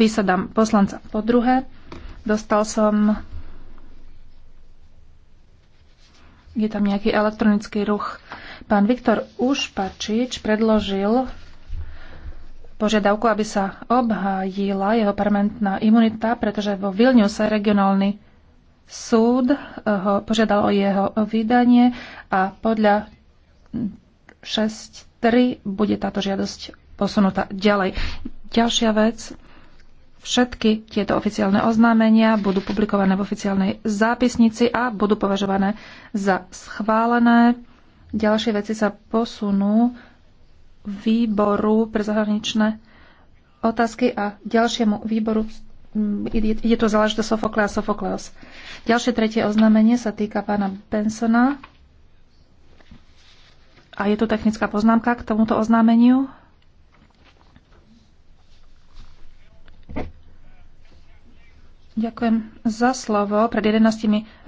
vysadám poslanca. Po druhé, dostal som... Je tam nejaký elektronický ruch. Pán Viktor Ušpačič predložil požiadavku, aby sa obhájila jeho parlamentná imunita, pretože vo Vilniuse regionálny súd eh, ho požiadal o jeho vydanie a podľa 6.3 bude táto žiadosť posunutá ďalej. Ďalšia vec, Všetky tieto oficiálne oznámenia budú publikované v oficiálnej zápisnici a budú považované za schválené. Ďalšie veci sa posunú výboru pre zahraničné otázky a ďalšiemu výboru ide mm, tu záležitosť Sofokle a Sofokleos. Ďalšie tretie oznámenie sa týka pána Bensona a je tu technická poznámka k tomuto oznámeniu. Ďakujem za slovo. Pred 11